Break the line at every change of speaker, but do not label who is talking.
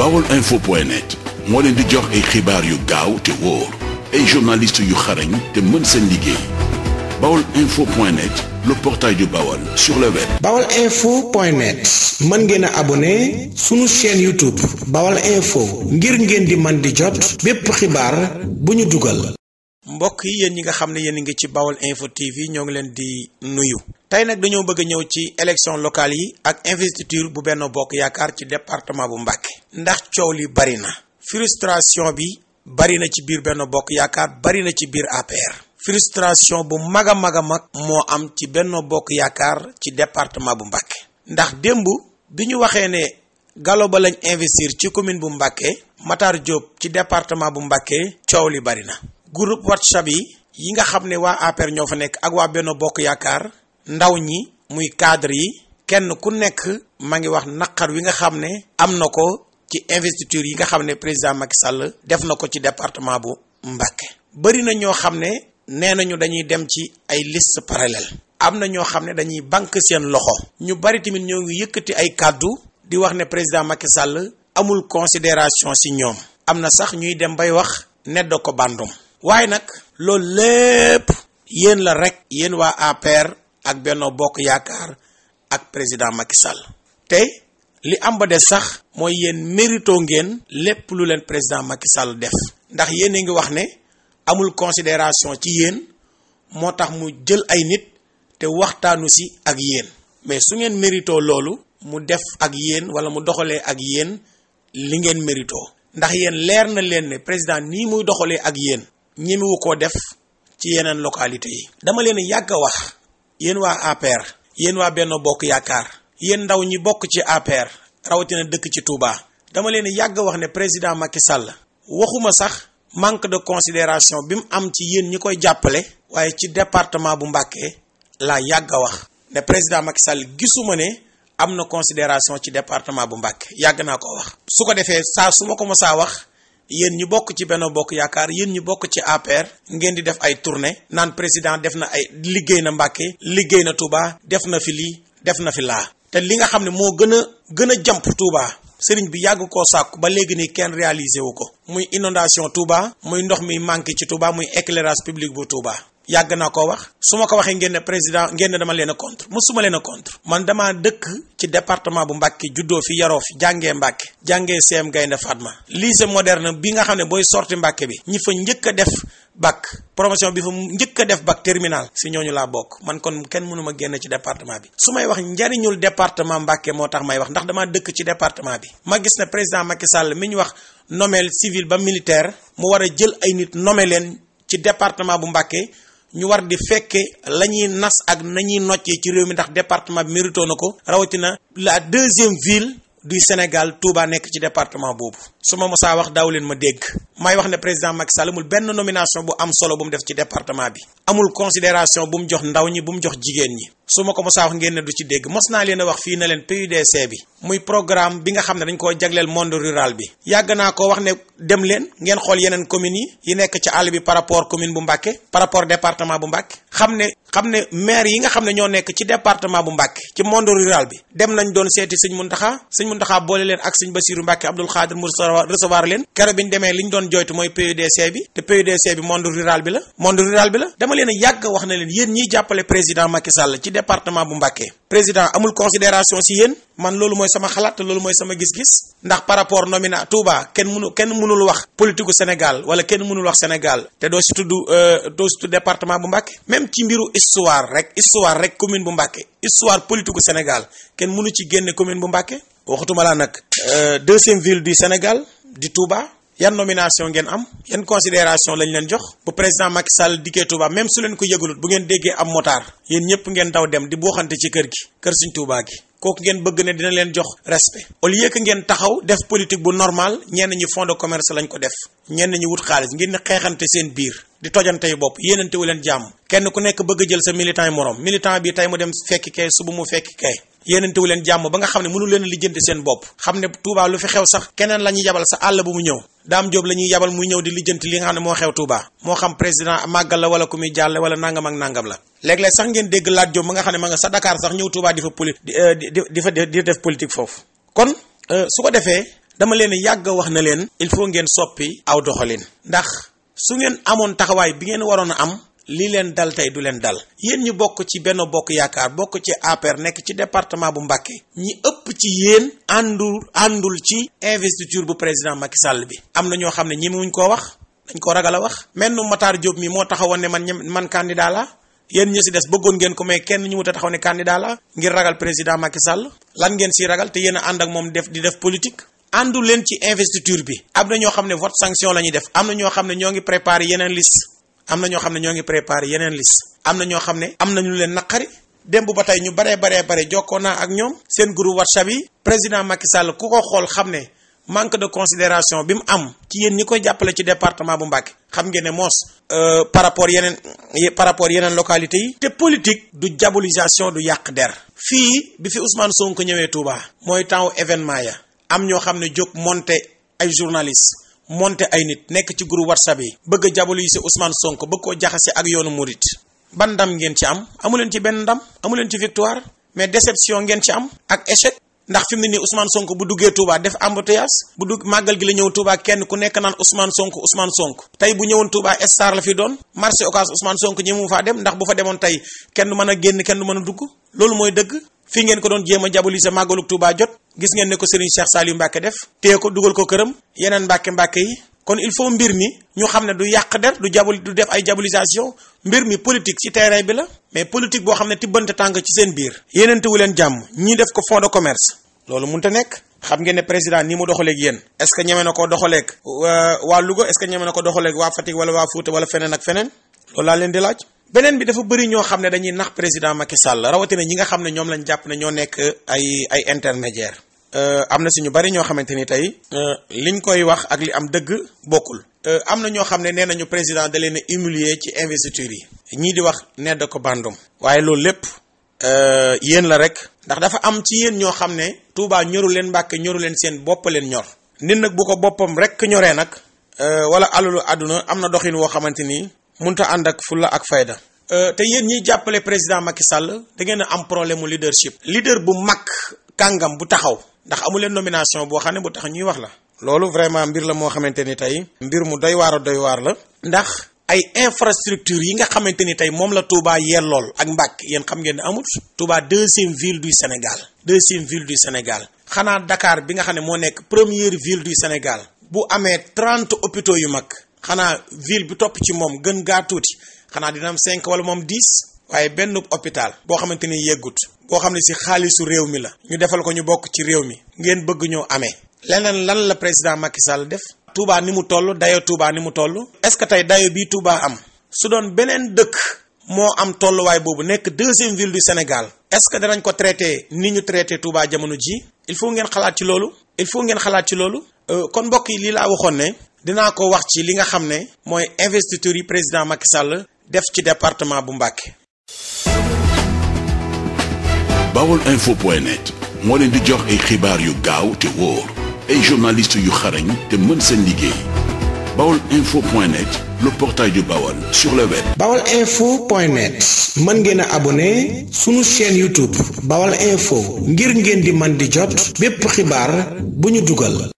bawol info point net moo leen di jox ay xibaar yu gaaw te wóor ay journalistes yu xarañ te mën seen liggéey bawol info point net le portail du Baol sur le web. Baol info point net mën ngeen a abonné sunu chaîne YouTube Baol info ngir ngeen di man di jot bépp xibaar bu ñu dugal. mbokk yi yéen ñi nga xam ne yéen ngi ci Baol info TV ñoo ngi leen di nuyu. tey nag dañoo bëgg a ñëw ci élection locale yi ak investiture bu benn bokk yaakaar ci département bu Mbàkke ndax coow li bari na frustration bi bari na ci biir benn bokk yaakaar bari na ci biir APR frustration bu mag a mag a mag moo am ci benn bokk yaakaar ci département bu Mbàkke ndax démb bi ñu waxee ne Gallo Ba lañ investir ci commune bu Mbàkke Matar Diop ci département bu Mbàkke coow li bari na groupe WhatsApp yi yi nga xam ne waa APR ñoo fa nekk ak waa benn bokk yaakaar ndaw ñi muy cadre yi kenn ku nekk ma ngi wax naqar wi nga xam ne am na ko ci investiture yi nga xam ne président Macky Sall def na ko ci département bu Mbacké bëri na ñoo xam ne nee nañu dañuy dem ci ay liste parallèle am na ñoo xam ne dañuy banque seen loxo ñu bari tamit ñoo ngi yëkkati ay kàddu di wax ne président Macky Sall amul considération si ñoom am na sax ñuy dem bay wax neddo ko bandum waaye nag loolu lépp yéen la rek yéen waa APR ak Benno Bokk Yaakaar ak président Macky Sall tey li am ba des sax mooy yéen mérito ngeen lépp lu leen président Macky Sall def ndax yéen a ngi wax ne amul considération ci yéen moo tax mu jël ay nit te waxtaanu si ak yéen mais su ngeen mérito loolu mu def ak yéen wala mu doxalee ak yéen li ngeen mérito ndax yéen leer na leen ne président nii muy doxalee ak yéen ñimewu ko def ci yeneen localité yi dama leen yàgg wax yéen waa APR yéen waa Benno Bokk Yaakaar yéen ndaw ñi bokk ci APR rawatina dëkk ci Touba dama leen yàgg wax ne président Macky Sall waxuma sax manque de considération bi mu am ci yéen ñi koy jàppale waaye ci département bu Mbacké laa yàgg a wax ne président Macky Sall gisuma ne am na considération ci département bu Mbacké yàgg naa ko wax su ko defee saa su ko mosaa wax yéen ñi bokk ci benn Bokk Yaakaar yéen ñu bokk ci APR ngeen di def ay tournée naan président def na ay liggéey na Mbàkke liggéey na Touba def na fi lii def na fi laa te li nga xam ne moo gën a gën a jàmp Touba sëriñ bi yàgg ko sàkku ba léegi nii kenn réalisé wu ko muy inondation Touba muy ndox mi manqué ci Touba muy éclairage public bu Touba yàgg naa ko wax su ma ko waxee ngeen ne président ngeen ne dama leen a contre musuma leen contre man damaa dëkk ci département bu Mbàkke juddoo fi yaroo fi jàngee Mbàkke jàngee CM Gaynde Fatma lycée moderne bi nga xam ne booy sorti Mbàkke bi ñi fa njëkk def bac promotion bi fa njëkk def bac terminal si ñooñu laa bokk man kon kenn mënu ma génn ci département bi su may wax njariñul département Mbàkke moo tax may wax ndax damaa dëkk ci département bi ma gis ne président Macky Sall mi ñu wax nomeel civil ba militaire mu war a jël ay nit nome leen ci département bu Mbàkke ñu war di fekkee la ñuy nas ak nañuy noccee ci réew mi ndax département bi mérito na ko rawatina la deuxième ville du Sénégal Touba nekk ci département boobu su ma mosaa wax daw leen ma dégg may wax ne président Macky Sall amul benn nomination bu am solo bu mu def ci département bi amul considération bu mu jox ndaw ñi bu mu jox jigéen ñi su ma ko mosaa wax ngeen ne du ci dégg mos naa leen a wax fii na leen PUDC bi muy programme bi nga xam ne dañ koo jagleel monde rural bi yàgg naa ko wax ne dem leen ngeen xool yeneen communes yi yi nekk ci àll bi par rapport commune bu Mbàkke par rapport département bu Mbàkke xam ne xam ne maire yi nga xam ne ñoo nekk ci département bu Mbàkke ci monde rural bi dem nañ doon seeti sëñ Muntaxa sëñ Muntaxa boole leen ak sëñ Basiiru Mbàkke Abdul Xaadir mu recevoir leen kero bi ñu demee li ñu doon joytu mooy PUDC bi te PUDC bi leen yàgg wax na leen yéen ñiy jàppale président Macky Sall ci département bu sama xalaat loolu mooy sama gis-gis ndax par rapport nomina Touba kenn mënu kenn mënul wax politiku Sénégal wala kenn mënul wax Sénégal te doo si tudd euh, doo si tudd département bu Mbàkke même ci mbiru histoire rek histoire rek commune bu Mbàkke histoire politiku Sénégal kenn mënu ci génne commune bu Mbàkke waxatuma laa nag euh, deuxième ville du Sénégal di Touba. yan nomination ngeen am yan considération lañu leen jox bu président Macky Sall dikkee Touba même su leen ko yëgalut bu ngeen déggee am motard yéen ñëpp ngeen daw dem di booxante ci kër gi kër suñ Touba gi kooku ngeen bëgg ne dina leen jox respect au lieu que ngeen taxaw def politique bu normal ñenn ñi fonds de commerce lañ ko def ñenn ñi wut xaalis ngeen xeexante seen biir di tojante yu bopp yéenante leen jàmm kenn ku nekk bëgg jël sa militant yi moroom militant bi tey mu dem fekki kay suba mu fekki kay yéenante leen jàmm ba nga xam ne mënu leen lijjanti seen bopp xam ne Tuubaa lu fi xew sax keneen la ñuy yabal sa àll bu mu ñëw daam Jóob la ñuy yabal muy ñëw di lijjanti li nga xam ne moo xew Touba moo xam président màggal la wala ku muy jàlle wala nangam ak nangam la léeg-léeg sax ngeen dégg Lat Jóob ma nga xam ne ma nga sa Dakar sax ñëw Touba di fa poli di euh, di fa def politique foofu kon euh, su ko defee dama leen yàgg wax na leen il faut ngeen soppi aw doxalin ndax su ngeen amoon taxawaay bi ngeen waroon a am li leen dal tey du leen dal yéen ñu bokk ci benn bokk yaakaar bokk ci APR nekk ci département bu Mbacké ñi ëpp ci yéen àndul àndul ci investiture bu président Macky Sall bi am na ñoo xam ne ñemewuñ koo wax dañ ko ragal a wax menn Matar Diop mi moo taxawoon ne man man candidat la yéen ñu si des bëggoon ko mais kenn ñu wut a taxaw ne candidat la ngir ragal président Macky Sall ngeen siy ragal te yéen moom def di def politique àndul leen ci investiture bi am na ñoo xam ne vote sanction la ñuy def am na ñoo xam ne ñoo ngi préparé yeneen liste am na ñoo xam ne ñoo ngi préparé yeneen liste am na ñoo xam ne am na ñu leen naqari démb ba tey ñu baree baree bare jokkoo naa ak ñoom seen groupe WhatsApp yi président Macky Sall ku ko xool xam ne manque de considération bi mu am ci yéen ñi koy jàppale ci département bu Mbacké xam ngeen ne moos euh, par rapport yeneen par rapport yeneen localités yi te politique du diabolisation du yàq der fii bi fi Ousmane Sonko ñëwee Touba mooy temps événement ya am ñoo xam ne jóg monté ay journalistes monte ay nit nekk ci groupe whatsapp yi bëgg a jabalu yi si Ousmane Sonko bëgg koo jaxase ak yoonu murit ban ndam ngeen ci am amuleen ci benn ndam amuleen ci victoire mais déception ngeen ci am ak échec ndax fi mu ne nii Ousmane Sonko bu duggee Touba def embouteillage bu dugg màggal gi la ñëw Touba kenn ku nekk naan Ousmane sonk Ousmane Sonko tey bu ñëwoon Touba star la fi doon marché Ocass Ousmane Sonko ñi mu faa dem ndax bu fa demoon tey kenn du mën a génn kenn du mën a dugg loolu mooy dëgg ngeen ko doon jéem a jabalise màggalug Touba gis ngeen ne ko Serigne Cheikh Saliou Mbacke def téye ko dugal ko këram yeneen Mbacke Mbacke yi kon il faut mbir mi ñu xam ne du yàq der du jabul du def ay jabolisation mbir mi politique ci terrain bi la mais politique boo xam ne tibbante tànk ci seen biir. yéenante wu leen jàmm ñii def ko fond de commerce loolu mun a nekk. xam ngeen ne président nii mu doxaleeg yéen est ce que ñeme na koo doxaleeg euh, waa Louga est ce que ñeme na ko doxaleeg waa Fatick wala waa Fouta wala feneen ak feneen loolu laa laaj. beneen bi dafa bëri ñoo xam ne dañuy nax président Macky Sall rawatina ñi nga xam ne ñoom lañ jàpp ne ñoo nekk ay ay intermédiaire euh, am na si ñu bari ñoo xamante ni tey euh, liñ koy wax ak li am dëgg bokkul euh, am na ñoo xam ne nee ñu président da leen umilier ci investiture yi ñii di wax ne da ko bandum waaye loolu lépp yéen la rek ndax dafa am ci yéen ñoo xam ne Touba ñoru leen Mbàkke ñoru leen seen bopp leen ñor nit nag bu ko boppam rek ñoree nag wala alalu àdduna am na doxin woo xamante ni mënut ànd ak fulla ak fayda. Euh, te yéen ñiy jàppale président Macky Sall da ngeen a am problème mu leadership. leader bu mag kàngam bu taxaw ndax amu leen nomination boo xam ne bu tax ñuy wax la. loolu vraiment mbir la moo xamante ni tey. mbir mu doy waar a doy waar la. ndax ay infrastructure yi nga xamante ni tey moom la Touba yellool ak Mbàkke yéen xam ngeen ne amut. Touba deuxième ville du Sénégal. deuxième ville du Sénégal. xanaa Dakar bi nga xam ne moo nekk première ville du Sénégal. bu amee trente hôpitaux yu mag. xanaa ville bu topp ci moom gën gaa tuuti xanaa dinam am cinq wala moom dix waaye benn hôpital boo xamante ni yeggut boo xam ne si xaalisu réew mi la ñu defal ko ñu bokk ci réew mi ngeen bëgg ñoo amee leneen lan la président Macky Sall def Touba ni mu toll dayo Touba ni mu toll est-ce que tey dayo bii Touba am su doon beneen dëkk moo am tolluwaay boobu nekk deuxième ville du Sénégal est-ce que danañ ko traité ni ñu traité Touba jamono ji il faut ngeen xalaat ci loolu il faut ngeen xalaat ci loolu euh, kon mbokk yi lii laa waxoon ne dinaa ko wax ci li nga xam ne mooy investiture yi président Macky Sall def ci département bu Mbacké. Bawol info moo leen di jox ay xibaar yu gaaw te wóor ay journaliste yu xarañ te mën seen liggéey Bawol info point net le portail du Bawol sur le web. Bawol info mën ngeen a abonné sunu chaîne YouTube Bawol info ngir ngeen di man di jot bépp xibaar bu ñu dugal.